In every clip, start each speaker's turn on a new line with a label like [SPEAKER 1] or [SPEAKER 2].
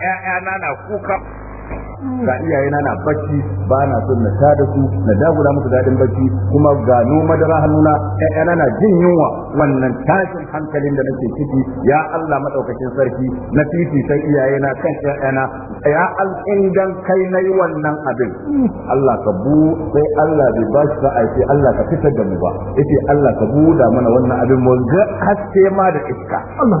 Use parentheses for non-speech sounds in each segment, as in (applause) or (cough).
[SPEAKER 1] 'ya'yana na kuka mm. ga iyayena na bacci ba na son na da su na dagura musu dadin bacci kuma ga madara hannuna ƴaƴana na jin yunwa wannan tashin hankalin da nake ciki ya Allah madaukakin sarki na titi sai iyayena kan ƴaƴana ya alƙingan kai nayi wannan abin mm. Allah ka bu sai Allah bai ba shi sa'a sai Allah ka fitar da mu ba yace Allah ka bu da mana wannan abin mu ga haske ma da iska Allah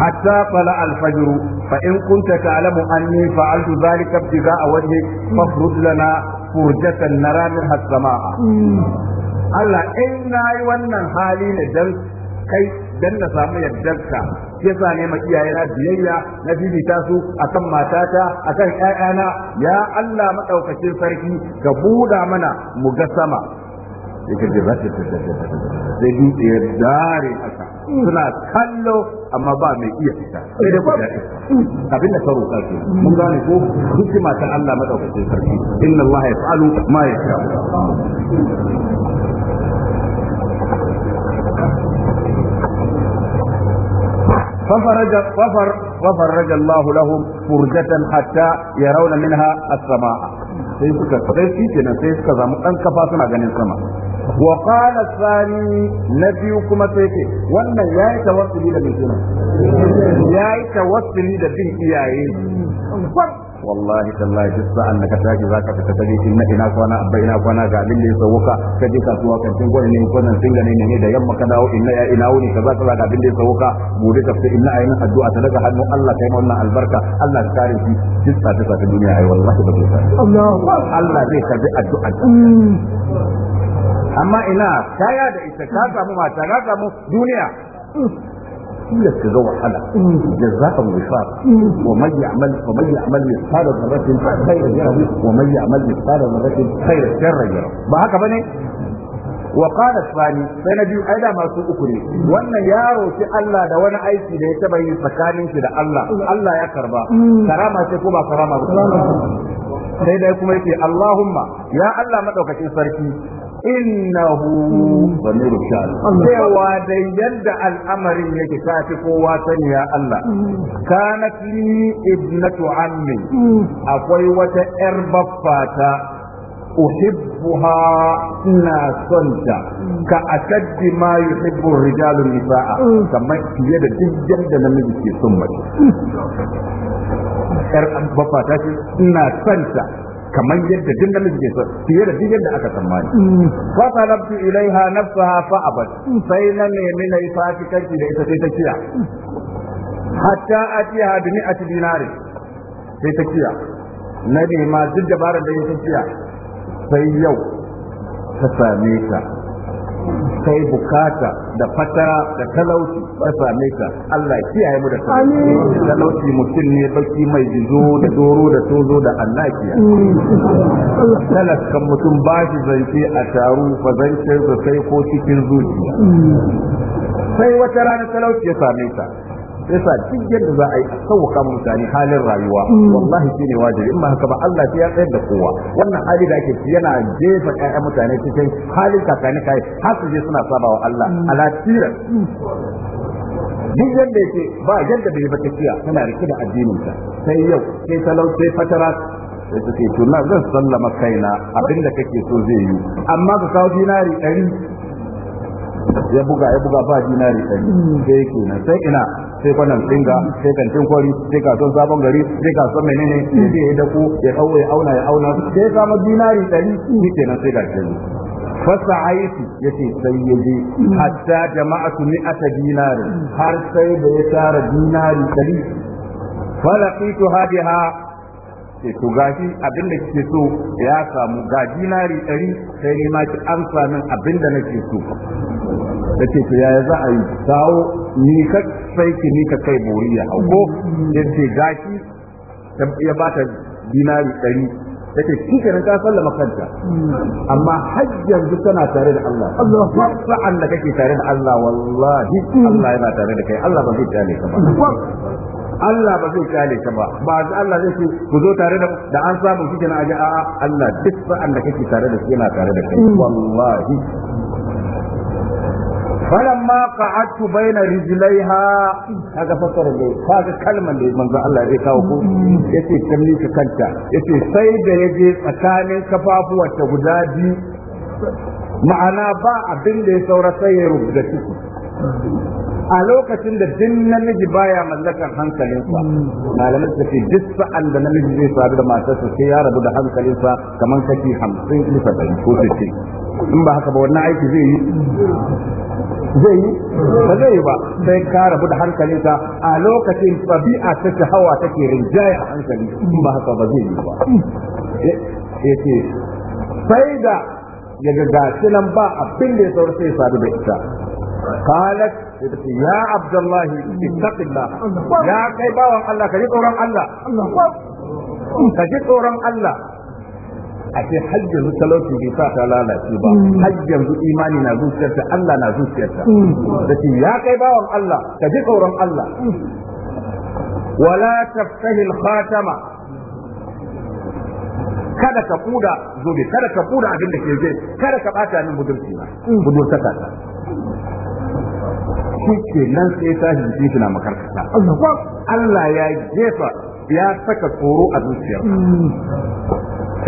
[SPEAKER 1] حتى طلع الفجر فإن كنت تعلم أني فعلت ذلك ابتغاء وجهك فافرد لنا فرجة نرى منها السماء Allah in na yi wannan hali ne dan kai dan na samu yardarka ya sa ne iyaye na biyayya na bibita su akan matata akan 'ya'yana, ya Allah maɗaukacin sarki ka buɗa mana mu ga sama yake da zai dare haka suna kallo amma ba mai iya fita sai dai ku daɗi abin da ka roƙa ke mun gane ko hikima ta Allah madaukakin sarki inna Allah yaf'alu ma yasha ففرج ففر ففرج الله لهم فرجة حتى يرون منها السماء sai suka sai shi kenan sai suka zamu dan kafa suna ganin sama wa qala na nabiyu kuma sai ce wannan yayi tawassuli da bin sunan yayi tawassuli da bin wallahi tallahi duk sa'an da ka tashi zaka fita ta jikin ina kwana abba ina kwana ga abin da ya sauka ka kasuwa kan cin gwani ne kwanan singa ne ne da yamma ka dawo inna ya ina wuni kaza kaza ga abin da ya sauka gobe ka fita inna ayin addu'a ta daga hannun Allah kai albarka Allah ka shi duniya Allah zai addu'a amma ina kaya da ita ka samu mata ka samu duniya kila ka ga wahala za jazakan wifaq wa man ya'mal wa man ya'mal mithqala dharratin khayran yarahu wa man ya'mal mithqala dharratin khayran sharran yarahu ba haka bane wa qala thani sai na biyu aida masu uku ne wannan ya roki Allah da wani aiki da ya taba yi tsakanin shi da Allah Allah ya karba karama ce ko ba karama ba sai dai kuma yake Allahumma ya Allah madaukakin sarki innahu bamiru sha'an cewa dai yadda al'amarin yake kafi kowa sani ya Allah kanat li ibnatu ammi akwai wata yar baffata uhibbuha ina sonta ka akaddi ma yuhibbu rijalu nisaa kamar fiye da duk yadda namiji ke son mace yar baffata ce ina santa kamar yadda duk namiji ke so fiye da duk yadda aka tsammani mm. fa talabtu ilaiha nafsaha fa abat sai na nemi na fatikanci da ita sai ta kiya hatta atiha bi mi'ati dinari sai ta kiya na nema duk dabarar da ita kiya sai yau ta same ta kai bukata da fatara da talauci ta same ka Allah kiyaye mu da talauci mutum ne baki mai jizo da doro da tozo da Allah kiya kan mutum ba shi zance a taru fa zance sai ko cikin zuciya sai wata rana talauci ya same ka yasa duk yadda za a yi a sauka mutane halin rayuwa mm. wallahi shine wajibi in ba haka ba Allah ya tsayar da kowa wannan hali da ake yana jefa ƴaƴan mutane cikin halin kakani kai har su je suna sabawa Allah mm. ala mm. duk yadda yake ba yadda bai ba kiya tana rike da addinin ta sai yau sai talau sai fatara sai ce to na zan sallama kaina abinda kake so zai yi amma ka kawo dinari ɗari ya buga ya buga ba dinari ɗari sai sai ina sai kwanan tsinga sai kantin kwari sai kasuwar sabon gari sai kasuwar menene ya je ya daku ya kawo ya auna ya auna sai ya samu dinari ɗari shi kenan sai Fasa aiki ya ce sai ya je hatta jama'atu mi'ata dinari har sai da ya tara dinari ɗari falaqitu hadiha sai to gashi abin da kike so ya samu ga dinari ɗari sai ni ma ki amsa min abin da nake so da ce to yaya za a yi kawo ni ka sai ki ni ka kai bori ya hau ko ya ce gashi ya bata dinari ɗari ta ce shi ka sallama kanta amma hajjan duk tana tare da Allah sa'an da kake tare da Allah wallahi Allah yana tare da kai Allah ba zai kyale ka ba Allah ba zai kyale ka ba ba Allah zai ce ku zo tare da da an samu shi kenan aje a'a Allah duk sa'an da kake tare da shi yana tare da kai mm. wallahi falamma qa'adtu baina rijlaiha kaga fasara da kaga kalman da manzo Allah zai kawo ko yace kalli ka kanta yace sai da yaje tsakanin ta guda biyu ma'ana ba abin da ya saura sai ya rubuta ciki a lokacin da duk namiji baya mallakar hankalinsa malamai suka ce duk sa'an namiji zai sadu da matarsa sai ya rabu da hankalinsa kamar kashi hamsin bisa ɗari ko sittin in ba haka ba wannan aiki zai yi zai yi ba zai yi ba sai ka rabu da hankalinka a lokacin tabi'a ta hawa take rinjaya a hankali in ba haka ba zai yi ba yace sai da ya ga nan ba abin da ya saura sai sadu da ita قالت يا عبد الله اتق الله يا كيبا الله كجي تورم الله كجي تورم الله a ce har yanzu talauci bai sa ta lalace ba hmm. har yanzu imani na zuciyarta Allah na zuciyarta hmm. da ce ya kai bawan Allah ka ji tsoron Allah hmm. wala taftahi al-khatama kada ka kuda zobe kada ka kuda abin da ke je kada ka bata min budurci na budurta ta shi nan sai ta hinji shi makarkata Allah ya jefa ya saka tsoro a
[SPEAKER 2] zuciyarka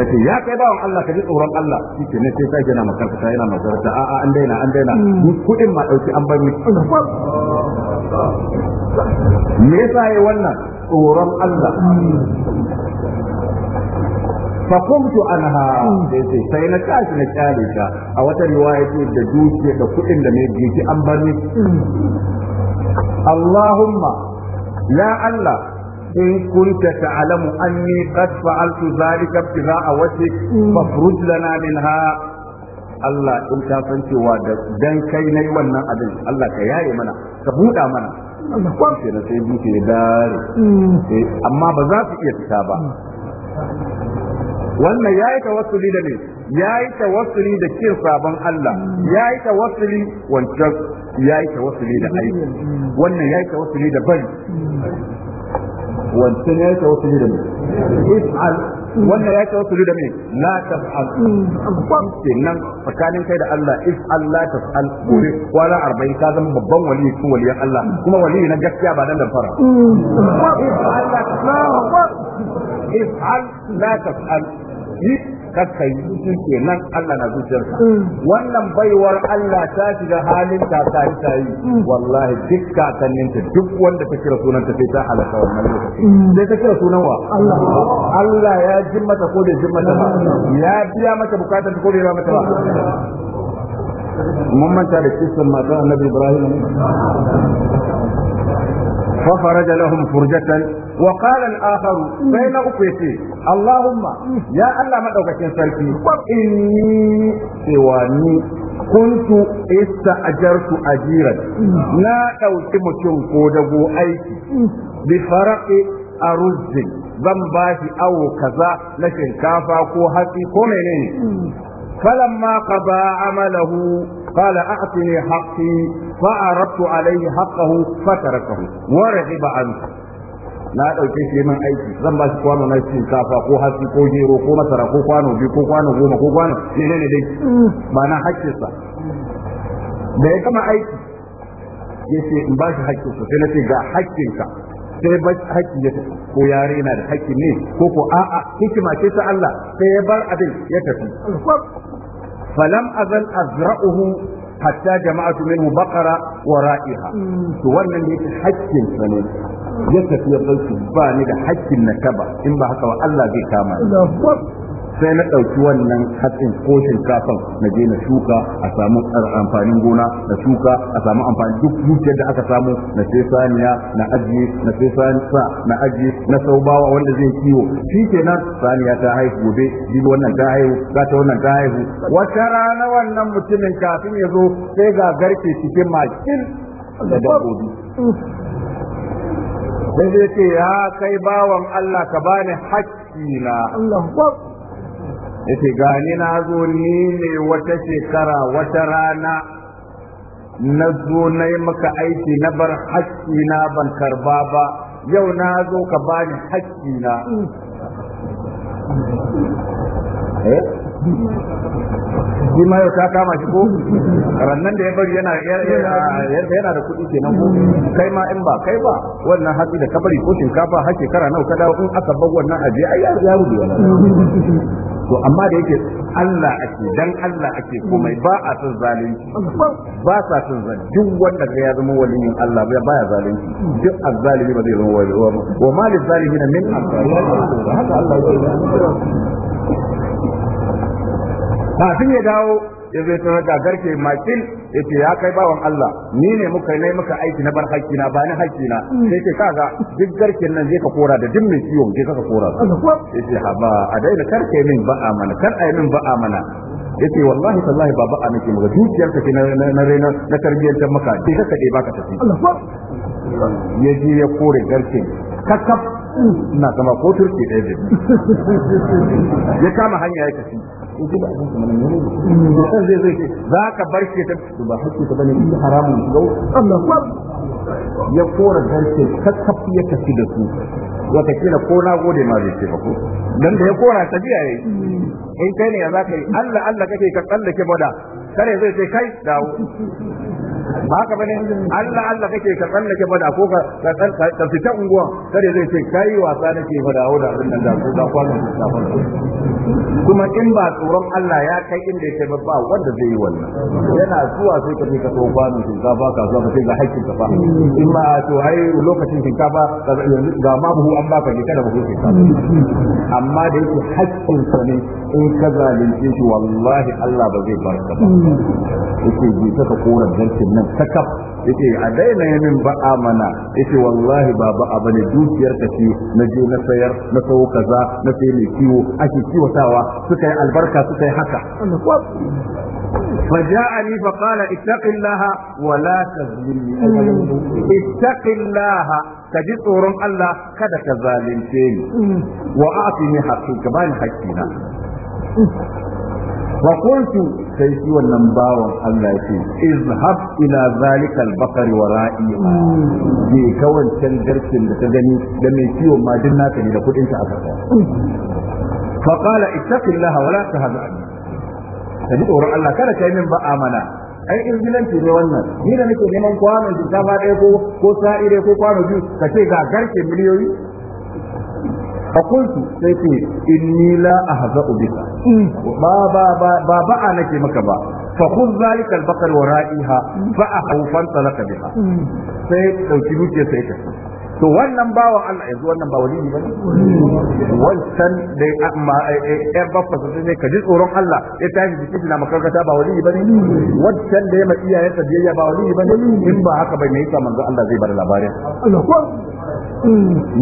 [SPEAKER 1] ta ya kai bawan Allah ka ji tsoron Allah shi ne sai ka gina makaranta yana makaranta a a an daina an daina kudin ma dauki an bar bari me yasa yayi wannan tsoron Allah فقمت عنها sai na tashi na kyale ta a wata riwaya ce da dukiya da kuɗin da me duki an bar ni Allahumma ya Allah إن كنت تعلم أني قد فعلت ذلك ابتغاء وجهك فافرج لنا منها Allah in ta san cewa da dan kai nayi wannan abin Allah ka yaye mana ka buɗa mana Allah na sai buke ya dare amma ba za su iya fita ba wannan yayi tawassuli da ne yayi tawassuli da kin sabon Allah yayi tawassuli wancan yayi tawassuli da aiki wannan yayi tawassuli da bari wancan ya tawassuli da me if'al wannan ya tawassuli da me la taf'al kenan tsakanin kai da Allah if'al la taf'al gobe kwana arba'in ka zama babban wali tun waliyan Allah kuma wali na gaskiya ba dan da fara
[SPEAKER 2] if'al la if'al
[SPEAKER 1] la taf'al yi kakka yi su ke nan Allah na zuciyarsa mm. wannan baiwar Allah ta shiga halin ta ta yi ta yi mm. wallahi duk ta duk wanda ta kira sunan ta sai ta halaka wannan lokaci mm. sai ta kira sunan wa Allah ya jimmata ko da jimmata ba ya biya mata bukatar ko da ya mata ba mun manta da kisan matan annabi Ibrahim فخرج لهم فرجة وقال الآخر بين أكويتي اللهم يا الله ما دوكتين سلفي إني سواني كنت استأجرت أجيرا لا أوتي متن كودبو أيكي بفرق أرز zan ba shi awo kaza na shinkafa ko hatsi ko menene فلما قضى عمله قال أعطني حقي فعرضت عليه حقه فتركه ورغب عنه na ɗauke shi min aiki zan ba shi kwano na shinkafa ko hatsi ko gero ko masara ko kwano biyu ko kwano goma ko kwano ne ne dai ba na hakkinsa da ya kama aiki ya ce in ba shi hakkinsa sai na ce ga hakkinka sai ba hakkin ya tafi ko yare na da hakkin ne ko ko a'a hikima ce ta Allah sai ya bar abin ya tafi falam azal azra'uhu hatta jama'a minhu baqara wa ra'iha to wannan yake hakkin sa ne ya tafi ya ba ni da hakkin na kaba in ba haka ba Allah zai kama ni sai na ɗauki wannan hatsin ko shinkafan na je na shuka a samu amfanin gona na shuka a samu amfani duk dukiyar da aka samu na sai saniya na ajiye na sai sa na ajiye na saubawa wanda zai kiwo shi kenan saniya ta haihu gobe jibi wannan ta haihu za ta wannan ta haihu wata rana wannan mutumin kafin ya zo sai ga garke cikin makin da dabbobi sai zai ce ya kai bawan Allah ka bani hakkina yake gani na zo ni ne wata shekara wata rana na zo na yi maka aiki na bar na ban karba ba yau na zo ka bani na shi ma yau ta kama shi ko rannan da ya bari yana yana da kuɗi ke ko kai ma in ba kai ba wannan hatsi da kabari ko shinkafa har shekara nawa ka dawo in aka bar wannan aje ai ya rubi wannan to amma da yake Allah ake dan Allah ake komai ba a son zalunci ba sa son zalunci duk wanda ya zama waliyin Allah ba ya zalunci duk azzalimi ba zai zama wali wa ma lizalimin min ansar haka Allah ya kafin ya dawo ya zai sanar da garke makin yace ya kai bawan Allah ni ne muka ne muka aiki na bar haƙƙi na ba ni haƙƙi na sai ce kaga duk garken nan zai ka kora da duk mai ciwon zai ka kora ya ha ba a daina karke min ba'a mana kar yi min ba'a mana ya ce wallahi tallahi baba a nake maka dukiyar ka na na na tarbiyyar maka sai ka kade baka tafi ya je ya kore garken kakaf na kama ko turke ɗaya ya kama hanya ya tafi in kida abin kuma nan ne mutum zai zai za ka bar shi ta ba hakki ka bane in haramun ga Allah ko ya kora garke kakkafi ya tafi da su Wata watakila ko na gode ma zai ce ba ko dan da ya kora tafiya yayi in kai ne ya za ka yi Allah Allah kake ka tsallake bada kare zai ce kai dawo ba haka bane Allah Allah kake ka tsallake fada ko ka ka fita unguwa kada zai ce kai wasa nake fada da abin nan da ko da kwano da kuma in ba tsoron Allah ya kai inda yake ba ba wanda zai yi wannan yana zuwa sai ka ka so kwano shinkafa ka zuwa ka ce ga haƙƙin ka ba in ma to ai lokacin ba ga ma buhu an baka ne kada buhu ka amma da yake haƙƙin ka ne in ka zalunce shi wallahi Allah ba zai barka ba yake ji ka koran zartin nan sakaf a daina yi min ba'a mana yace wallahi ba ba'a bane dukiyar ka ci na je na sayar na sawo kaza na sai mai kiwo ake kiwatawa suka yi albarka suka yi haka فجاءني فقال اتق الله ولا تظلم اتق الله تجد tsoron Allah kada ka zalunce ni wa a'tini bani haqqina فقلت سيسي والنباو الله اذهب إلى ذلك البقر ورائي دي كون تنجرس لتجني لم يسيو ما دنا كني لقد انت أفضل فقال اتق الله ولا تهزعني تجد أورا الله كان كيمن بآمنا ai ingilanci ne wannan ni da nake neman kwano shinkafa ɗaya ko ko sa'ire ko kwano biyu ka ce ga garke miliyoyi فقلت سيتي إني لا أهزأ بك بابا بابا أنا كي مكبا فخذ ذلك البقر ورائها فأحو فانطلق بها سيت لو تلوك to wannan bawa Allah yanzu wannan ba wali ba wancan dai amma ɗan baffa su ne ka ji tsoron Allah ya tashi jiki na makarkata ba wali ba ne wancan da ya ma iyayensa biyayya ba wali ba ne in ba haka bai mai yasa manzo Allah zai bar labarin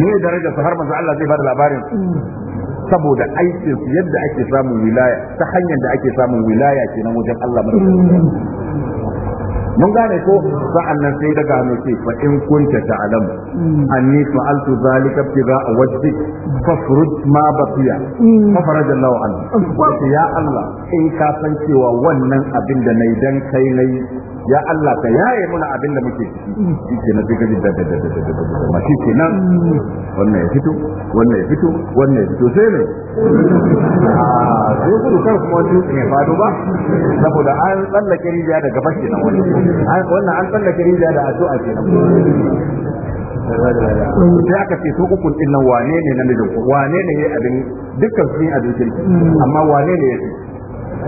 [SPEAKER 1] ne daraja su har manzo Allah zai bada labarin saboda aikin su yadda ake samun wilaya ta hanyar da ake samun wilaya kenan wajen Allah mun gane ko nan sai daga hannu ce fa in kunta ta'lam anni fa'altu zalika ibtiga wajhi fafrud ma baqiya fa faraja Allahu an ya Allah in ka san cewa wannan abin da nayi dan kai nayi ya Allah ka yaye muna abin da muke ciki shi ke na fika da da da da da da ma shi ke nan wannan ya fito wannan ya fito wannan ya fito sai ne ah, sai kudu kar kuma wani ne fado ba saboda an tsallake rijiya da gabas ke nan wannan an tsallake rijiya da addu'a ke nan sai aka ce su ukun din nan wane ne namijin wane ne ya abin dukkan su ne abin kirki amma wane ne ya fi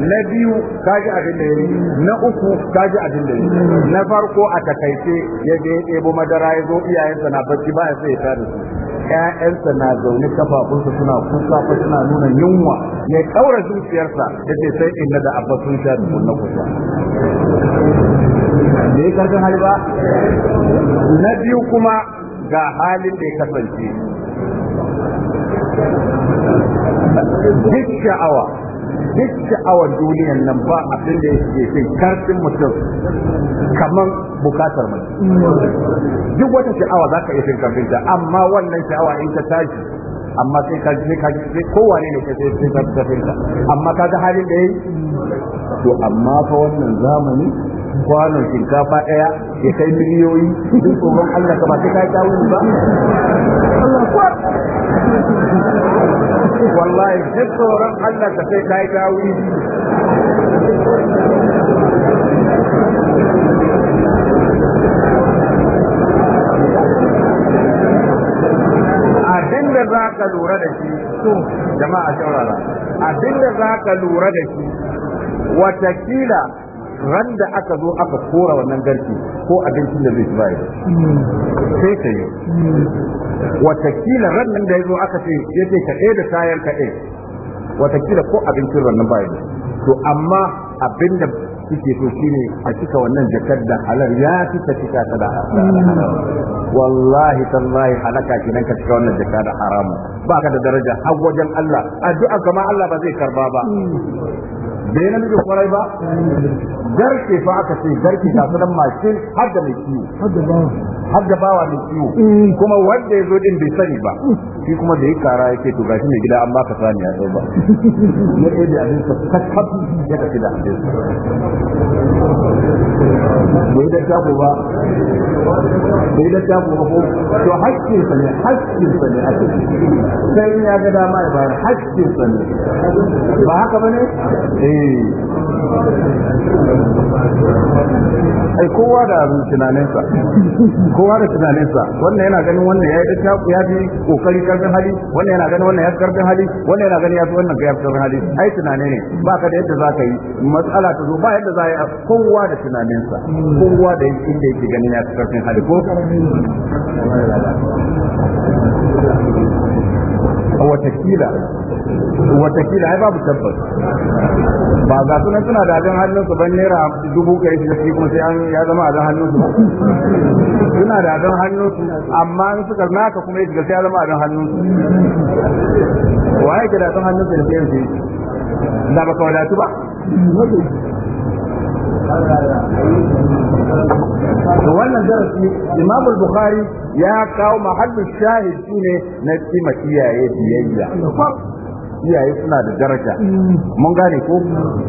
[SPEAKER 1] na biyu kaji abin da yayi na uku kaji abin da yayi na farko a takaice ya je ya ɗebo madara ya zo iyayensa na bacci ba ya sai ya da su ƴaƴansa na zaune kafafunsa suna kusa fa suna nuna yunwa ya kaura zuciyarsa ke sai inna da abba sun sha na kusa da ya karfin hali ba na biyu kuma ga halin da ya kasance duk sha'awa duk sha'awar duniyan nan ba abin da yake kai karfin mutum kamar bukatar mai duk wata sha'awa za ka iya fin karfin ta amma wannan sha'awa in ta tashi amma sai ka je ka je kowane ne ke sai ka tafi amma amma ga halin da yayi to amma fa wannan zamani kwanon shinkafa ɗaya ya kai miliyoyi duk tsoron Allah ka ba sai ka kawo ba
[SPEAKER 2] Allah ko wallahi duk tsoron Allah ka sai kai ta
[SPEAKER 1] abinda za ka lura da shi to jama'a shaurara abinda za ka lura da shi watakila ran da aka zo aka kora wannan garki ko abincin da zai ci bai sai ka yi watakila ran nan da ya zo aka ce yake ka da tayar ka watakila ko abincin rannan bai to amma abinda suke so shine a cika wannan jakar da halar ya fi ta cika ta da wallahi tallahi halaka nan ka cika wannan jaka da haramu ba ka da daraja har wajen Allah addu'a kama Allah ba zai karba ba bai namiji kwarai ba garke fa aka ce garke ta sanan mashin har da mai kiwo har da bawa mai ciwo mm. kuma wanda ya zo din bai sani ba shi kuma da ya kara ya ce to gashi mai gida an baka sani ya ba na ɗaya da abin sa kakkaf ya tafi da abin sa bai da shafo ba bai da shafo ba ko to hakkin sa ne hakkin sa ne a sai ya ga dama ya bayar hakkin sa ne ba haka bane eh ai kowa da abin tunaninsa (laughs) kowa da tunaninsa wannan yana ganin wannan ya yi ta ya fi kokari karfin hali wannan yana ganin wannan ya fi karfin hali wannan yana ganin ya fi wannan ya fi karfin hali ai tunane ne ba ka da yadda za ka yi matsala ta zo ba yadda za a yi kowa da tunaninsa kowa da inda yake ganin ya fi karfin hali ko watakila watakila ai babu tabbas ba ga sunan suna da abin hannun su ban naira dubu kai shi shi kuma sai an ya zama dan hannun su suna da abin hannun su amma in suka naka kuma ya sai ya zama dan hannun su waye ke da abin hannun su da sai da baka wadatu ba da wannan darasi imam bukhari ya kawo mahallin shahid shine na kima iyaye biyayya iyaye suna da daraja mun gane ko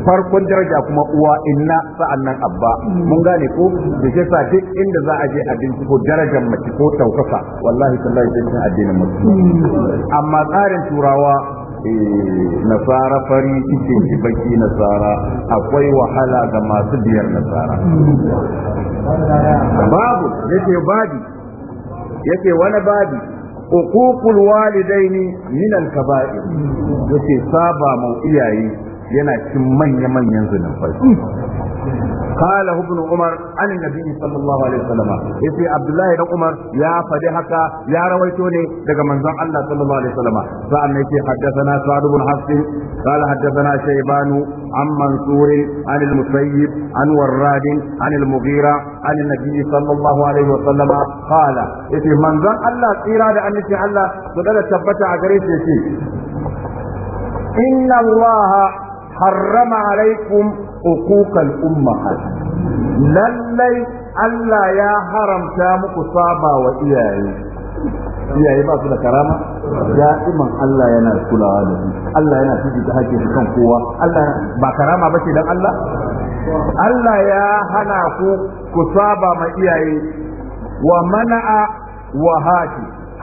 [SPEAKER 1] farkon daraja kuma uwa inna sa'annan abba mun gane ko da ke sa duk inda za a je a ko darajar mace ko taukaka wallahi sallahi sai addinin musulmi amma tsarin turawa Eh, nasara fari cikin baki nasara akwai wahala ga masu biyar nasara babu yake babi yake wani babi uququl walidaini min al-kaba'ir yake saba mu iyaye yana cikin manya-manyan zunubai قال ابن عمر عن النبي صلى الله عليه وسلم يسي عبد الله بن عمر يا فدي هكا يا رويتوني دغ منزل الله صلى الله عليه وسلم فان يسي حدثنا سعد بن حفص قال حدثنا شيبان عن منصور عن المسيب عن وراد عن المغيرة عن النبي صلى الله عليه وسلم قال يسي منزل الله إرادة أن يسي الله سدد تبتع غريس يسي إن الله harrama alaikum uquqal lallai Allah ya haramta muku saba iyaye iyaye ba su da karama da'iman Allah yana kulawa da su Allah yana fifita hakkin kan kowa ba karama ba ce dan Allah Allah ya hana ku ku saba ma iyaye wa mana'a wa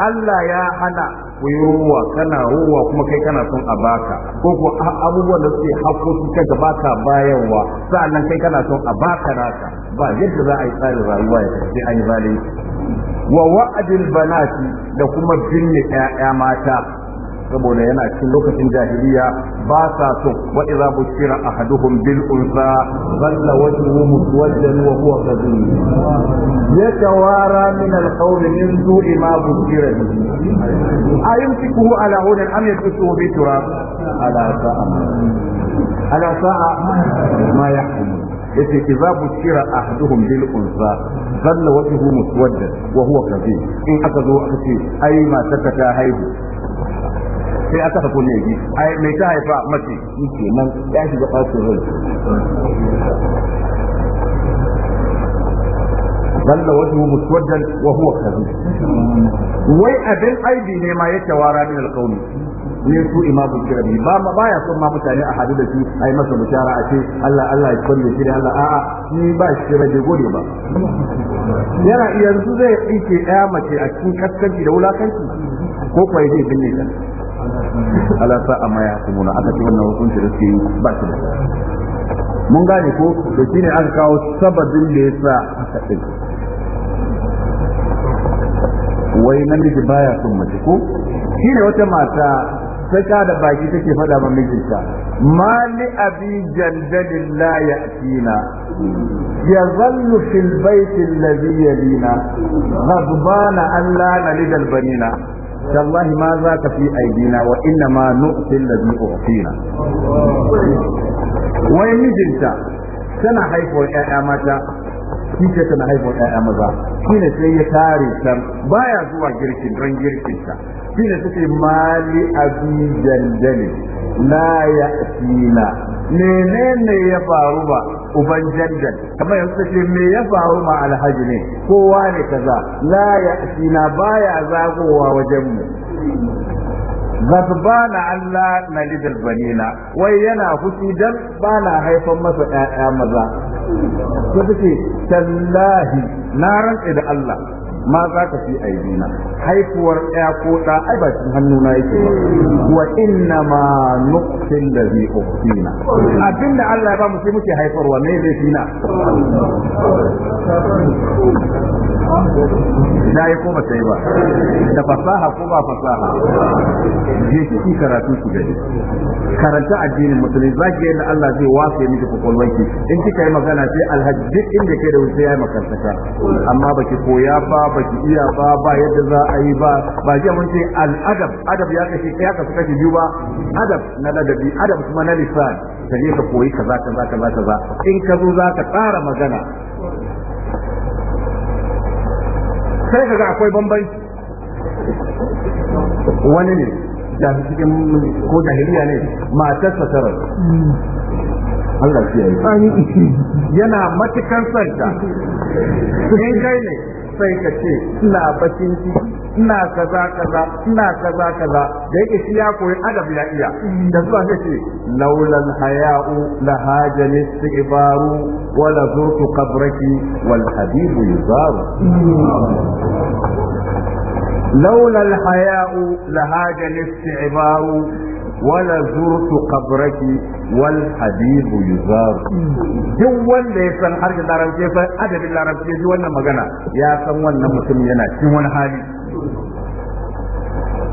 [SPEAKER 1] Allah ya hana ku ruwa kana ruwa kuma kai kana son a baka ko ko abubuwan da suke hakko su gabata baka bayarwa sa'annan kai kana son a baka naka ba yadda za a yi tsarin rayuwa ya tafi an yi zalunci wa wa'adil banati da kuma binne 'ya'ya mata saboda yana cikin lokacin jahiliya ba sa so wa idza bushira ahaduhum bil unsa dhalla wajhuhu muswaddan wa huwa kadhib yatawara min al qawl min su'i ma bushira bihi ayumsikuhu ala hudan am yakusuhu bi turab ala sa'a ala sa'a ma yahkum yace idza bushira ahaduhum bil unsa dhalla wajhuhu muswaddan wa huwa kadhib in aka zo aka ce ai ma ta haihu sai aka sako ne ji ai mai ta haifa mace yake nan ya shiga ɓacin rai balla wajhu muswaddan wa huwa kadhib wai abin aibi ne ma yake wara min alqawli ne su imamu kirabi ba ma baya son ma mutane a hadu da shi ai masa bishara a ce Allah Allah ya kwalle shi Allah a'a ni ba shi kira da gode ba yana yanzu zai tsike ɗaya mace a cikin kaskanci da wulakanci ko kuwa zai binne ta ala sa'a ma yahkumuna aka ce wannan hukunci da suke ba shi mun gane ko da shi ne aka kawo sabadin da ya sa aka din wai namiji baya son mace ko Shi ne wata mata ta da baki take fada ma mijinta mali abi jaldalin la ya'tina يظل في البيت الذي يلينا غضبان أن لا نلد na. tallahi ma za ka fi aidina wa inna ma nu'til ladhi u'tina wai mijinta tana haifuwar 'ya'ya mata shi tana haifuwar ƴaƴa maza shine sai ya tare ta baya zuwa girkin don girkin ta shine suke mali abi dandali la ya'tina menene ya faru ba uban janjan kamar yanzu ce me ya faru ma alhaji ne kowa ne kaza la ya na baya zagowa wajen mu bana Allah na lidal banina wai yana fushi dan bana haifan masa ƴaƴa maza ko take tallahi na rantse da Allah ma za ka fi aidina haifuwar ɗaya ko ɗa ai ba cikin hannuna yake ba wa inna ma da zai uqsina abinda Allah ya ba mu sai muke haifarwa me zai fina na yi ko ba sai ba da fasaha ko ba fasaha je ki karatu ki gani karanta addinin musulmi za ki yadda Allah zai wasa miki kwakwalwanki in kika yi magana sai alhaji duk inda ke da wuce ya yi amma baki koya ba baki iya ba ba yadda za a yi ba ba je mun ce al'adab adab ya kashe ya kasu kashe biyu ba adab na ladabi adab kuma na lisan ka je ka koyi kaza kaza kaza kaza in ka zo za ka tsara magana sai ga akwai bambanci wani ne da cikin ko jahiliya ne matar sasarar Allah ya yi yana matukan santa in kai ne sai ka ce ina bakin ciki ina kaza kaza ina kaza kaza da yake shi ya koyi adab ya iya da zuwa sai ce laulal haya'u la hajani istighfaru wa la zurtu qabraki wal habibu yuzaru laulal haya'u la hajani istighfaru wala zurtu qabraki wal habib yuzar duk wanda ya san har larabci ya san adabin larabci ya ji wannan magana ya san wannan mutum yana cikin wani hali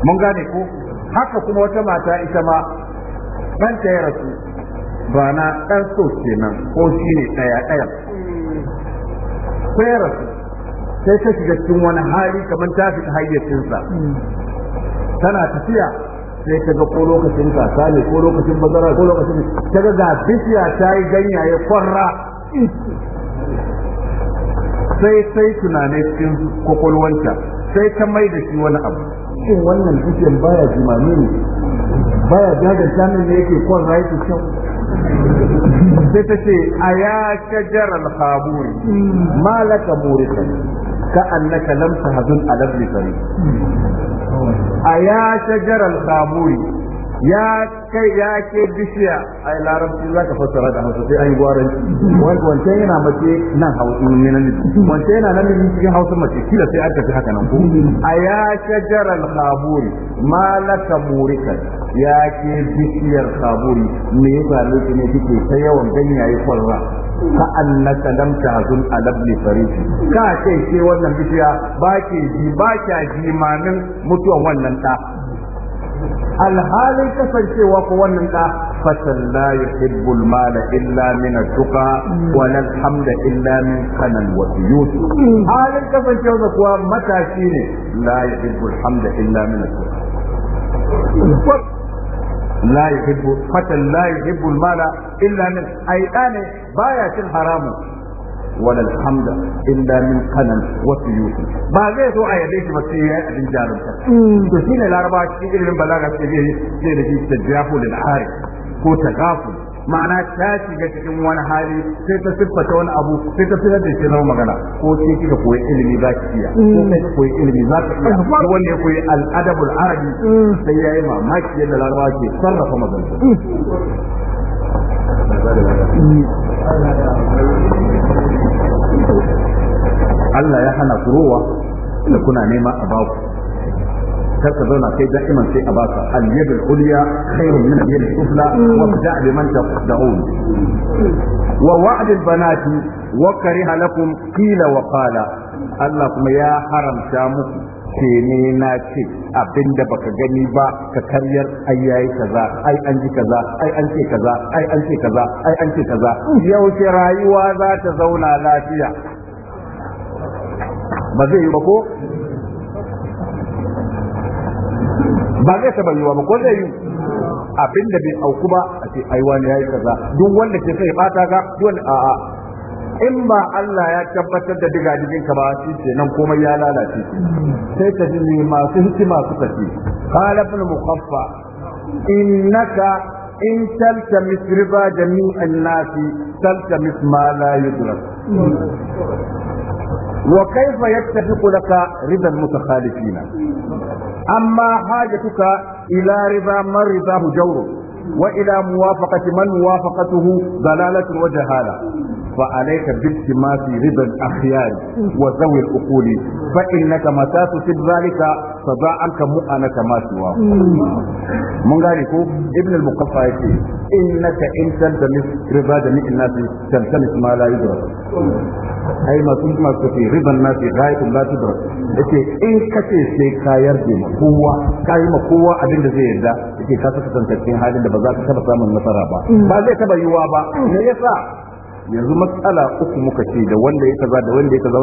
[SPEAKER 1] mun gane ko haka kuma wata mata ita ma ta ya rasu ba na ɗan so kenan ko shi ne ɗaya ɗaya sai rasu sai ta shiga cikin wani hali kamar ta fi hayyacinsa tana tafiya sai ga ko lokacin kasa ne ko lokacin bazara ko lokacin ta ga ga. bishiya ta yi ganyaye kwarra sai sai tunanai cikin kwakwalwanta sai ta mai da shi wani abu shin wannan bishiyar baya jimami ne baya jajanta ne yake kwarra yake kyau sai ta ce a ya shajar alhaburi ma laka murikan ka annaka lamsa tahzun ala bisari a ya shajarar samuri ya kai ya ke bishiya a larabci za ka fassara da hausa sai an yi gwaran wance yana mace nan hausa ne nan wance yana nan cikin hausa mace kila sai an tafi haka nan ko a ya shajarar samuri malaka murikan ya ke bishiyar samuri me ya zalunci ne kike ta yawan ganyaye kwalra ka annaka lam tahzun ala ibn farid ka ce ke wannan bishiya ba ke ji ba kya ji manin mutuwan wannan da alhalin kasancewa ko wannan da fatan la yuhibbu al-mala illa min at-tuqa wa la hamda illa min kanan wa yusuf halin kasancewa da kuwa matashi ne la yuhibbu al-hamda illa min at-tuqa la yuhibbu fatan la yuhibbu al-mala illa ne baya cin haramun wala alhamda illa min qanan wa ba zai so a yabe shi ba sai ya abin jarumta mm. cikin ilimin ma'ana ta shiga cikin wani hali sai ta siffata wani abu sai ta fitar da shi na magana ko sai kika koyi ilimi za ki iya ko kai ka koyi ilimi za ka iya ko wanda ya koyi al'adabul arabi sai yayi mamaki yadda larabawa ke sarrafa magana Allah ya hana kurowa da kuna nema a baku kar ka zauna kai da'iman sai a baka al-yad al-ulya khairun min al-yad al-sufla wa bda' biman tad'un wa wa'd al-banati wa kariha lakum qila wa qala Allah kuma ya haramta muku ce ne na ce abinda baka gani ba ka karyar ai yayi kaza ai an ji kaza ai an ce kaza ai an ce kaza ai an ce kaza yau ce rayuwa za ta zauna lafiya ba zai yi ba ko ba zai taba yiwa ba ko zai yi abin da bai auku ba a ce ai wani yayi kaza duk wanda ke sai bata ka duk a a in ba Allah ya tabbatar da diga digin ka ba shi nan komai ya lalace sai ka ji masu hikima suka ce qala ibn muqaffa innaka in talta riba jami'an nasi talta misma la yudrak kaifa يتفق laka ridan mutakhalifina أما حاجتك إلى رضا من رضاه جور وإلى موافقة من موافقته ضلالة وجهالة فعليك ka رضا الأخيار وذوي الأقول فإنك متى تصب ذلك فضاع عنك مؤنة ما سواه من ذلك ابن المقفى إنك إن تلتمس رضا جميع الناس تلتمس ما لا يدرك ai masu masu ce riban na ce ghayatul la tudrak yace in kace sai ka yarda kowa ka ma kowa abin da zai yarda yace ka saka tantancin halin da ba za ka taba samun nasara ba ba zai taba yiwa ba me yasa yanzu matsala uku muka ce da wanda ya kaza da wanda ya kaza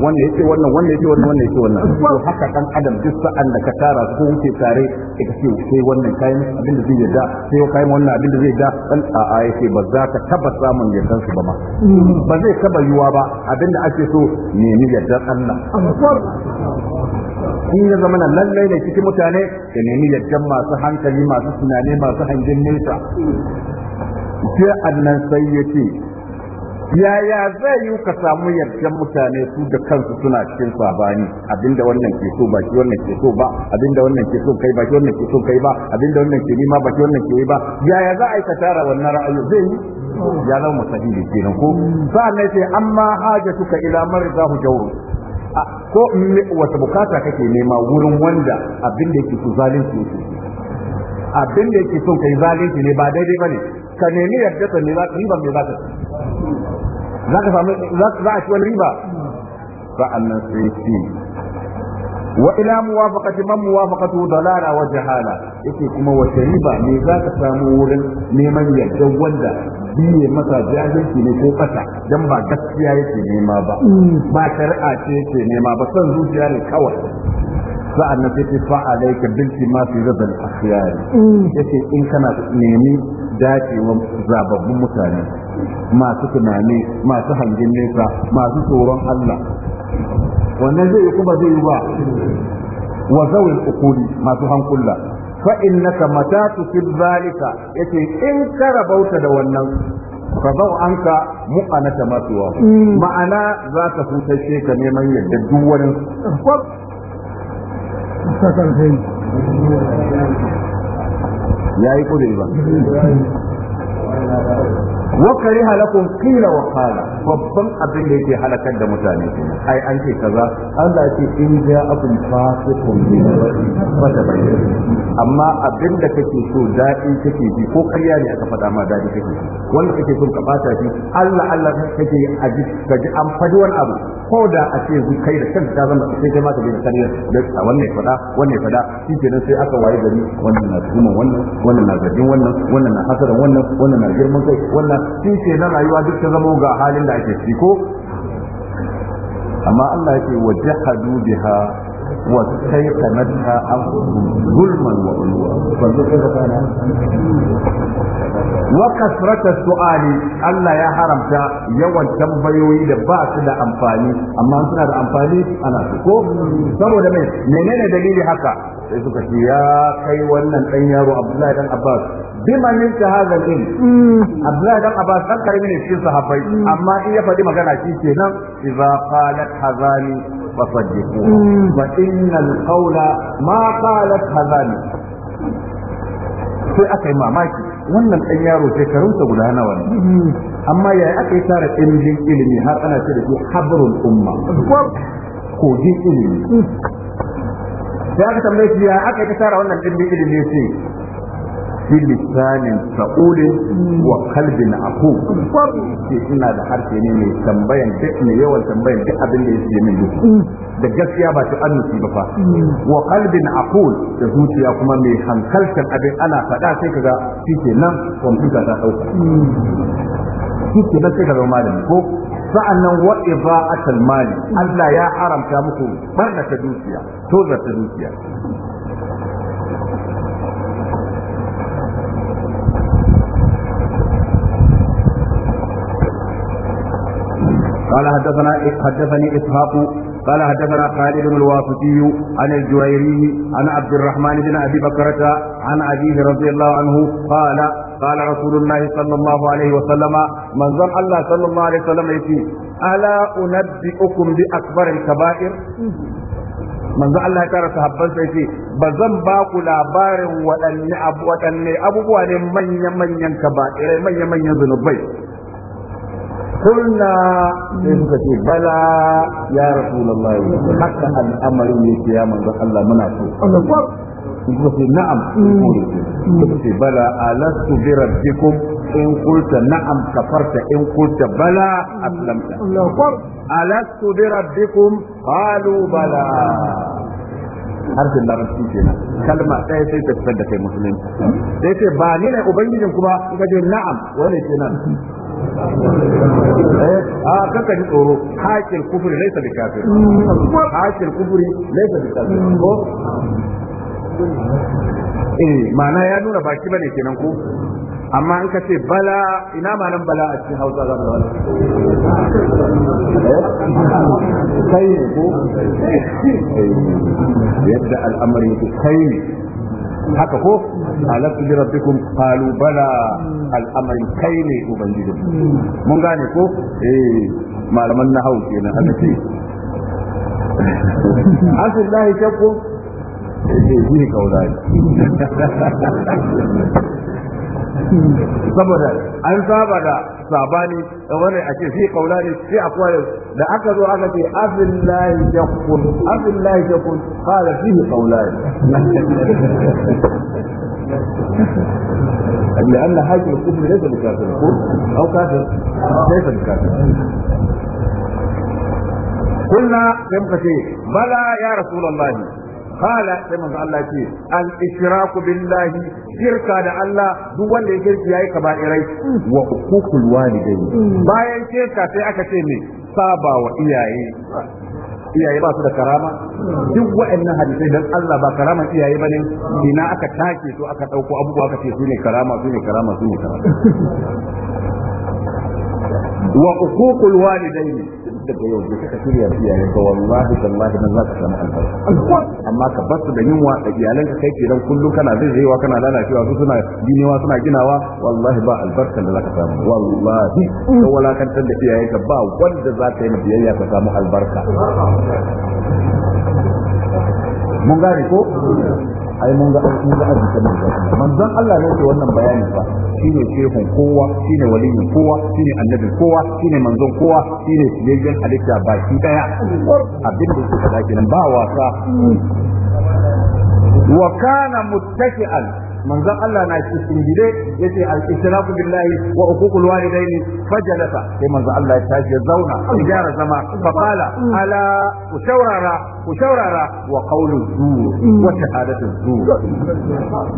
[SPEAKER 1] wani ya ce wanda ya ce wannan wanda ya ce wannan wanda ya ce wannan to haka dan adam duk sa'an da ka tara ko wuce tare ka ce sai wannan kayan abin da zai da sai ya kayan wannan abin da zai da dan a yace ba za ka taba samun yardan su ba ma ba zai taba yuwa ba abin da ake so nemi yadda Allah in ya zama lallai ne cikin mutane da nemi yaddan masu hankali masu tunani masu hangen nesa sai annan sai ya ce yaya zai yi ka samu yardan mutane su da kansu suna cikin sabani abinda wannan ke so baki wannan ke so ba abinda wannan ke so kai baki wannan ke so kai ba abinda wannan ke nima baki wannan ke yi ba yaya za a yi ka tara wannan ra'ayi zai yi ya zama ke nan ko sa'annan sai amma hajatuka ila maridahu jawru ko wata bukata kake nema wurin wanda abinda yake so zalunci ne abinda yake so kai zalunci ne ba daidai bane ka nemi yarda ne za ka ba me za ka za ka samu za a ci wani riba sa'annan sai ce wa ila muwafaqati man muwafaqatu dalala wa jahala yake kuma wace riba ne za ka samu wurin neman yadda wanda biye masa jahilci ne ko fata dan ba gaskiya yake nema ba ba shari'a ce yake nema ba son zuciya ne kawai sa'an na sai fa alaika bilti ma fi akhyar mm. yace in kana nemi dacewa zababbun mutane masu tunani masu hangin nesa masu tsoron Allah wannan zai yi kuma zai yi ba wa zawin ukuli masu hankula fa innaka mata tusib zalika yace in ka rabauta da wannan fa zau anka mu'anata masuwa mm. ma'ana za ka hutashe ka neman yadda duk wani yi kudi ba mm. wa kariha lakum qila wa qala babban abin da yake halakar da mutane ai an ce kaza Allah ce in ja'akum fasiqun bi fatabayyanu amma abin da kake so dadi kake bi ko ƙarya ne aka faɗa ma dadi kake wanda kake so ka bata shi Allah Allah kake aji kaji an faɗi wani abu ko da a ce kai da kanka ka zama sai kai ma ka bi da ƙarya da wannan ya faɗa wannan ya faɗa shi sai aka waye gari wannan na wannan wannan na wannan wannan na hasaran wannan wannan na girman tice na rayuwa duk ta zama ga halin da ake ciki ko amma Allah yake wajhadu biha wa taytanatha an zulman wa ulwa wa kasrata su'ali Allah ya haramta yawan tambayoyi da ba su da amfani amma suna da amfani ana su ko saboda me menene dalili haka sai suka ce ya kai wannan dan yaro Abdullahi dan Abbas bima min hadha din mm. Abdullah dan Abbas an karimi ne cikin sahabbai mm. amma in ya faɗi magana shi kenan idza qalat fa sadiqu wa mm. innal qawla ma qalat hadani sai aka yi mamaki wannan ɗan yaro shekarunsa guda nawa ne amma yaya aka yi tara ɗimbin ilimi har ana ce da shi habrul umma kogin ilimi sai aka tambaye shi ya aka yi tara wannan ɗimbin ilimi sai bilisanin sa'ulin wa kalbin aku ke ina da harshe ne mai tambayan mai yawan tambayan duk abin da yake min duk da gaskiya ba ta annuci ba fa wa kalbin aqul da zuciya kuma mai hankaltan abin ana faɗa sai kaga shike nan kwamfuta ta dauka shike nan sai kaga malami ko sa'annan wa a mali Allah ya haramta muku barna ta zuciya, to ta قال حدثنا حدثني اسحاق قال حدثنا خالد الواسطي عن الجريري عن عبد الرحمن بن ابي بكرة عن ابيه رضي الله عنه قال قال رسول الله صلى الله عليه وسلم من ظن الله صلى الله عليه وسلم يتي الا انبئكم باكبر الكبائر manzo Allah ya tara sahabbansa yace ba zan ba ku labarin waɗanne abu waɗanne abubuwa ne manyan manyan kaba'irai manyan manyan zunubai Kulna, قلنا بلى يا رسول الله حتى الامر يجي يا Allah الله منافق suka na'am suka ce bala alastu bi rabbikum in qulta na'am kafarta in qulta bala aslamta alastu bi rabbikum qalu bala harshen larabci kenan kalma ɗaya sai ta fitar da kai musulunci sai ce ba ni ne ubangijin kuma suka ce na'am wani kenan Eh, a kanka ji tsoro haƙil kufuri laisa bi kafir haƙil kufuri laisa bi kafir ko eh ma'ana ya nuna baki bane kenan ko amma in ka bala ina ma'anan bala a cikin hausa za mu da eh? kai ko eh, yadda al'amari yake kai haka ko alastu bi rabbikum qalu bala al'amarin kai ne ubangijin mun gane ko eh malaman nahau kenan haka ce asir lahi shakku eh ji kaulai
[SPEAKER 2] saboda
[SPEAKER 1] an saba da sabani wani a ce fi kaula ne fi akwai da aka zo aka ce abillahi yakun abillahi yakun qala fihi qawlan لأن حاجة الكفر ليس بكافر أو كافر ليس بكافر قلنا كم بلى يا رسول الله kala sai manzo Allah ce al ishraku billahi shirka da Allah duk wanda ya shirki yayi kaba'irai wa hukukul walidayn bayan shirka sai aka ce me saba wa iyaye iyaye ba su da karama duk wa'annan hadisai dan Allah ba karaman iyaye bane ina aka take to aka dauko abubuwa aka ce su ne karama su ne karama su ne karama wa hukukul walidayn daga yau da suka shirya su yayin ka wallahi tallahi nan za ka samu albarka amma ka bar su da yunwa da iyalan ka kai kenan kullum kana zai zaiwa kana lalacewa su suna dinewa suna ginawa wallahi ba albarka da za ka samu wallahi ka walakantar da iyaye ka ba wanda za ka yi ma biyayya ka samu albarka mun gane ko ai mun ga an ga azuka mun ga manzon Allah ne ke wannan bayani ba shine shehun kowa shine waliyin kowa shine annabi kowa shine manzon kowa shine siyayyen halitta baki daya abin da yake da kenan ba wasa wa kana muttaki'an manzon Allah na cikin gide yace al-ishraku billahi wa uququl walidaini fajalasa sai manzon Allah ya tashi ya zauna ya gyara zama fa qala ala ushawara ku shaurara wa qawlu zuwa wata shahadatu zuwa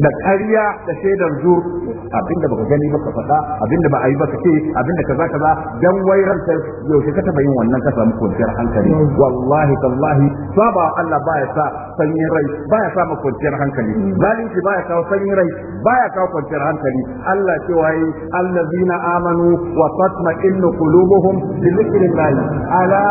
[SPEAKER 1] da kariya da shaidar zur abinda baka gani baka faɗa abinda ba a yi baka ce abinda kaza kaza dan wai ranka yaushe ka taba yin wannan ka samu kwanciyar hankali wallahi tallahi saba Allah baya sa sanyin rai baya sa maka kwanciyar hankali zalunci baya kawo sanyin rai baya kawo kwanciyar hankali Allah ce wa waye allazina amanu wa tatma'innu qulubuhum bi dhikrillah ala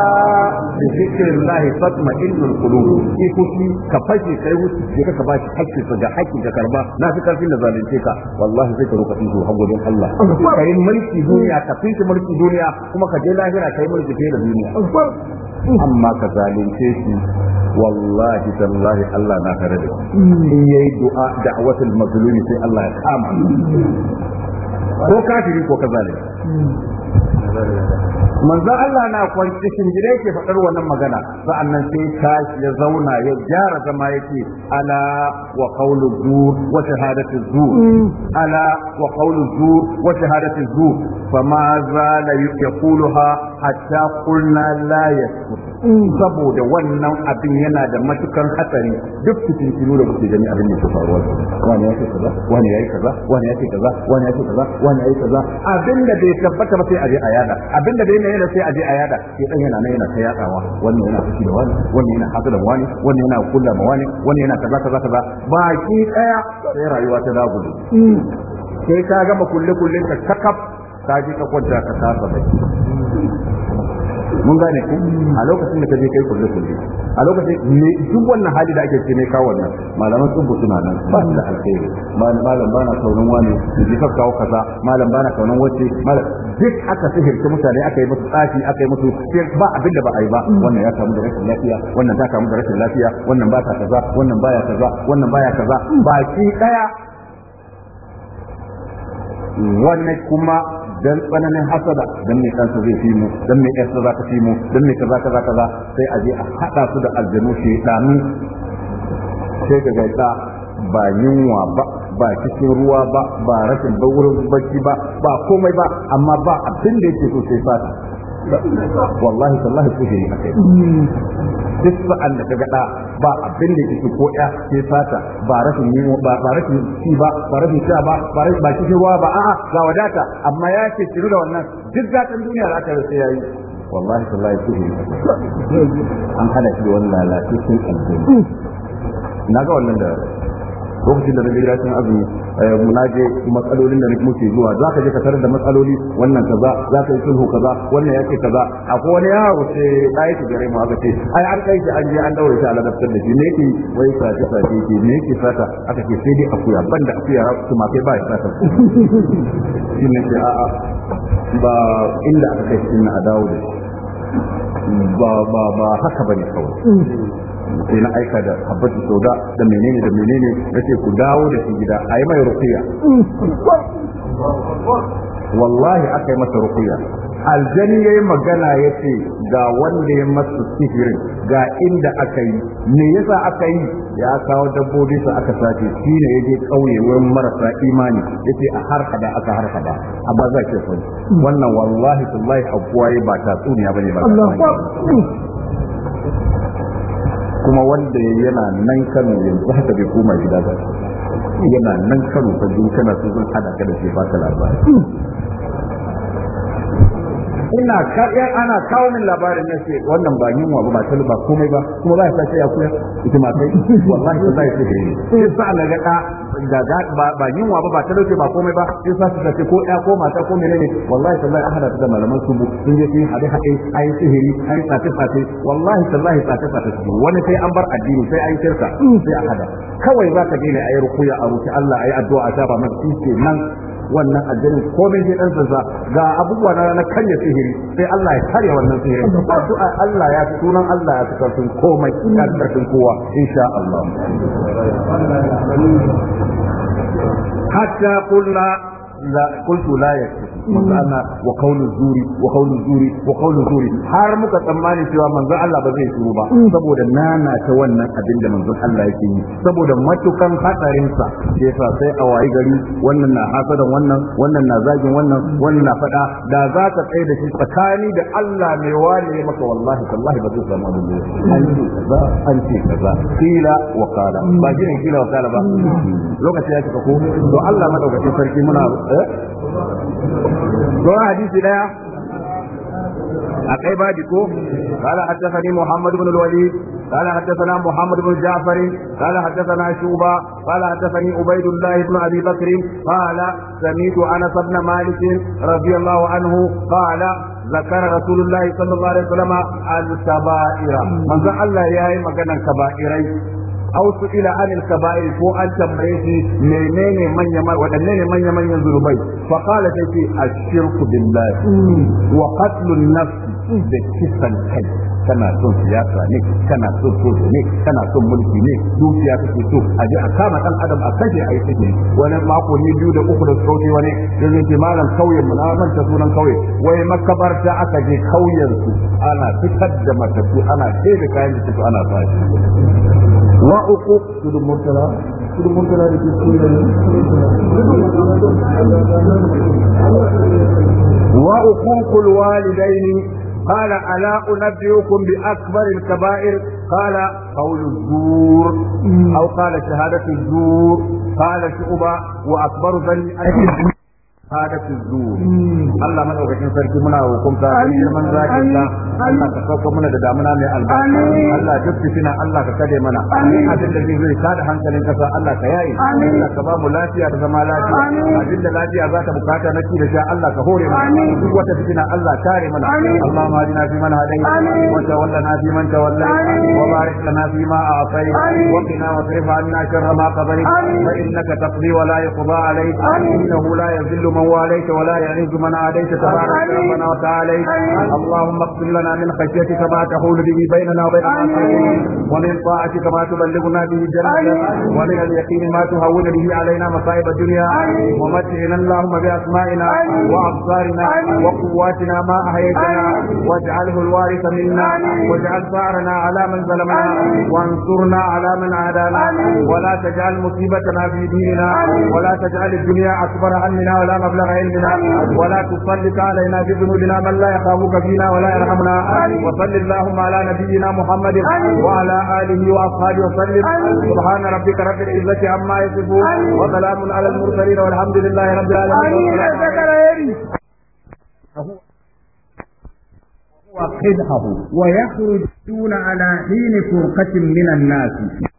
[SPEAKER 1] bi dhikrillah tatma'innu taqatul qulub ki kuki ka fashe kai wuce je ka bashi hakkin sa da hakkin ka karba na fi karfin da zalunce ka wallahi sai ka roka ido hagodin Allah kai mulki duniya ka fice mulki duniya kuma ka je lahira kai mulki kai da duniya amma ka zalunce shi wallahi tallahi Allah na tare da in yayi du'a da'watul mazlumi sai Allah ya kama ko kafiri ko ka manzon Allah na kwanci cikin gida yake faɗar wannan magana sa'annan sai tashi ya zauna ya gyara zama yake ala wa qawlu zur wa shahadatu zur mm. ala wa qawlu zur wa shahadatu zur fama zala yaquluha hatta qulna la yaskut mm. saboda wannan abin yana da matukan hatsari duk cikin kilo da kuke gani abin da ke faruwa wani yake kaza wani yake kaza wani yake kaza wani yake kaza wani yake kaza abin da bai tabbata ba sai a je a yada abin da bai da sai a je a yada sai dan yana yana ta yadawa wannan yana fushi da wani wannan yana hasada da wani wannan yana kulla ma wani wannan yana kaza kaza kaza baki daya sai rayuwa ta dagule mm. sai ka gama kulle kulle ka kakaf ka ji ka kwanta ka kasa bai mun gane ku a lokacin da ka je kai kulle kulle a lokacin ne duk wannan hali da ake ce ne kawo wannan malaman bu suna nan ba su da alkhairi malam bana kaunan wani su ji kawo kaza malam bana kaunan wace malam duk aka sihirce mutane aka yi musu tsafi aka yi musu ba abin da ba a yi ba wannan ya samu da rashin lafiya wannan ta kamu da rashin lafiya wannan ba ta kaza wannan baya kaza wannan baya kaza baki daya wannan kuma dan tsananin hasada dan me kansa zai fi mu dan me yarsa za ka fi mu dan me kaza kaza kaza sai a je a haɗa su da aljanu shaytanu sai ka gaita ba yunwa ba ba cikin ruwa ba ba rashin wurin bacci ba ba komai ba amma ba abin da yake so sai fata wallahi tallahi sihiri akai mm. duk sa'an da ka gada ba abin da yake ko ya ke fata ba rashin ni ba ba rashin ci ba ba rashin sha ba ba rashin ba cikin ruwa ba a'a ga wadata amma ya ce shiru da wannan duk gatan duniya za ta sai yayi wallahi tallahi su ne an hada shi wannan lafiyar lalacin aljanna na ga wannan da lokacin da na jira cikin azumi eh, munaje matsalolin da muke zuwa za ka je ka tarar da matsaloli wannan kaza za ka yi sulhu kaza wannan yake kaza akwai wani yaro sai ɗaya ki gare mu aka ce ai an kai shi an je an daure shi a ladabtar da shi me yake wai sace sace ke me yake sata aka ce sai dai akuya banda akuya su ma kai ba ya sata (laughs) shi ne ce a'a ba inda aka kai shi na a dawo da ba ba ba haka bane kawai sai na aika da habbatu sauda da menene da menene na ce ku dawo da shi gida a yi mai rukiya wallahi aka yi masa rukiya aljani ya yi magana ya ce ga wanda ya masu sihirin ga inda aka yi me yasa aka yi ya kawo dabbobi su aka sace shi ne ya je ƙauye wurin marasa imani ya ce a harkada aka harkada a ba za ke sun wannan wallahi tullahi abuwa ba tatsuniya ba ne ba kuma wanda yana nan Kano yanzu haka bai koma gida ba yana nan Kano fa kana so zan hada ka da shi ba ka labari ina ka ana kawo min labarin na ce wannan ba yunwa ba ba ba komai ba kuma ba ya sace ya kuya ita ma kai wallahi ba ya sace sai sa na ga da da ba yunwa ba ba talauci ba komai ba sai sa ta ce ko ya ko mata ko menene wallahi sallahi ahada da malaman su bu sun je sun hade hade ai sihiri ai sace sace wallahi sallahi sace sace wani sai an bar addini sai ai shirka sai ahada kawai za ka je ne ayi rukuya a ruki Allah ayi addu'a ta ba maka nan wannan addinin komai sai dan sa ga abubuwa na na karya sihiri sai Allah ya karya wannan sihiri addu'a Allah ya sunan Allah ya karfin komai ya karfin kowa insha Allah hatta qulna la qultu la yakfi manzo Allah wa qaulu zuri wa qaulu zuri wa qaulu zuri har muka tsammani cewa manzo Allah ba zai turu ba saboda nana ta wannan abin da manzo Allah yake yi saboda matukan hadarin sa sai sa sai a wayi gari wannan na hasadan wannan wannan na zagin wannan wannan na fada da za ka tsaye da shi tsakani da Allah mai wale maka wallahi wallahi ba zai samu abin da an ce kaza an ce kaza kila wa kala ba shi ne kila wa kala ba lokaci ya cika ko to Allah madaukakin sarki muna eh Do hadisi ɗaya a kai ba biko? Ba kala haddaka ni Muhammadu Mauludi, ba kala haddaka na Muhammadu Jafari, kala haddaka Shuba, kala haddaka ni Ubaydullahi suna Abibakar, kala Samidu ana sabna Malik, rabbi anhu, kala Zakara, rasulullahi sallallahu alaihi wa al-shaba'a ira, Allah ya yi maganarka ba'a aw su'ila anil kaba'ir ko an tambaye shi menene manya wadanne ne manya manyan zulubai fa qala sai ashirku billahi wa qatlun nafsi da kisan kai kana son siyasa ne kana son soja ne kana son mulki ne dukiya kake so a je a kama dan adam a kashe a yi take wani mako ne biyu da uku da sauki wani yanzu ce malam kauyen mu na manta sunan kauye wai makabarta aka je kauyen su ana fitar da matatu ana da kayan da su ana fashi wa uku tudu murtala tudu murtala da ke cikin wa uququl walidaini qala ala unabbiukum bi akbar al kaba'ir qala qawl az-zur aw qala shahadatu az-zur qala hadatu zuwa hmm. Allah madaukakin sarki muna hukunta da girman zakin ka Allah ka da damuna mai albarka Allah duk fitina Allah ka kade mana abin da zai zai hankalin kasa Allah ka yayi Allah ka ba mu lafiya da zama lafiya abin da lafiya za ta bukata na ci da sha Allah ka hore mana duk wata fitina Allah mana Allah ma dina fi hadai fi wa barik lana fi ma wa wa anna sharra ma fa innaka taqdi wa la yuqda alayka innahu la من واليت ولا يعز من عاديت تبارك ربنا وتعالى اللهم اقسم لنا من خشيتك ما تحول به بيننا وبين معصيتك ومن طاعتك ما تبلغنا به جنتك ومن اليقين ما تهون به علينا مصائب الدنيا ومتعنا اللهم باسمائنا وابصارنا وقواتنا ما احييتنا واجعله الوارث منا واجعل ثارنا على من ظلمنا وانصرنا على من عادانا ولا تجعل مصيبتنا في ديننا ولا تجعل الدنيا اكبر عنا ولا مبلغ علمنا ولا تسلط علينا بذنوبنا من لا يخافك فينا ولا يرحمنا وصل اللهم على نبينا محمد وعلى اله واصحابه وسلم سبحان ربك رب العزه عما يصفون وسلام على المرسلين والحمد لله رب العالمين
[SPEAKER 2] وقدحه ويخرجون على حين فرقة من الناس